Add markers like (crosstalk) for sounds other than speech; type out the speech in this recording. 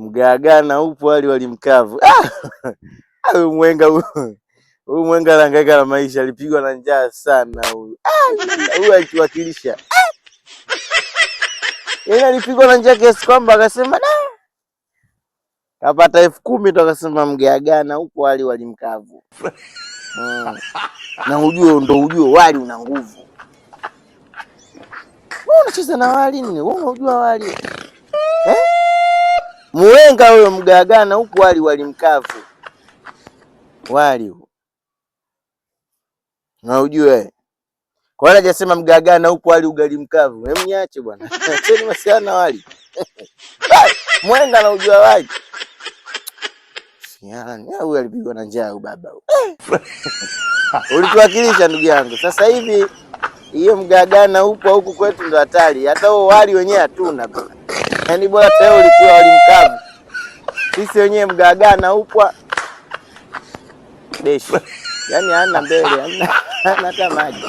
mgaagaa upo wali wali mkavu. (laughs) Ah, mwenga huyu mwenga anahangaika na maisha, alipigwa na njaa sana huyu. Ah, huyu aliwakilisha. Ah! Yeye yaani alipigwa na njaa kiasi kwamba akasema na Kapata elfu kumi toka sema mgaagaa upo wali wali mkavu. Hmm. Na ujue ndo ujue wali una nguvu. Wewe unacheza na wali nini? Wewe unajua wali. Muwenga huyo mgagana huku, wali wali mkavu, wali huo na ujue kwa nini hajasema mgagana huku, wali ugali mkavu. Hem, niache bwana, (laughs) cheni masiana wali mwenga na ujua wali yani, huyu alipigwa na njaa baba, eh. (laughs) ulituwakilisha ndugu yangu. Sasa hivi hiyo mgagana huku huku kwetu ndo hatari, hata huo wali wenyewe hatuna bwana yaani bora teo ulikuwa walimkavu, sisi wenyewe mgaagaa na upwa deshi, yaani hana mbele, hana hata maji.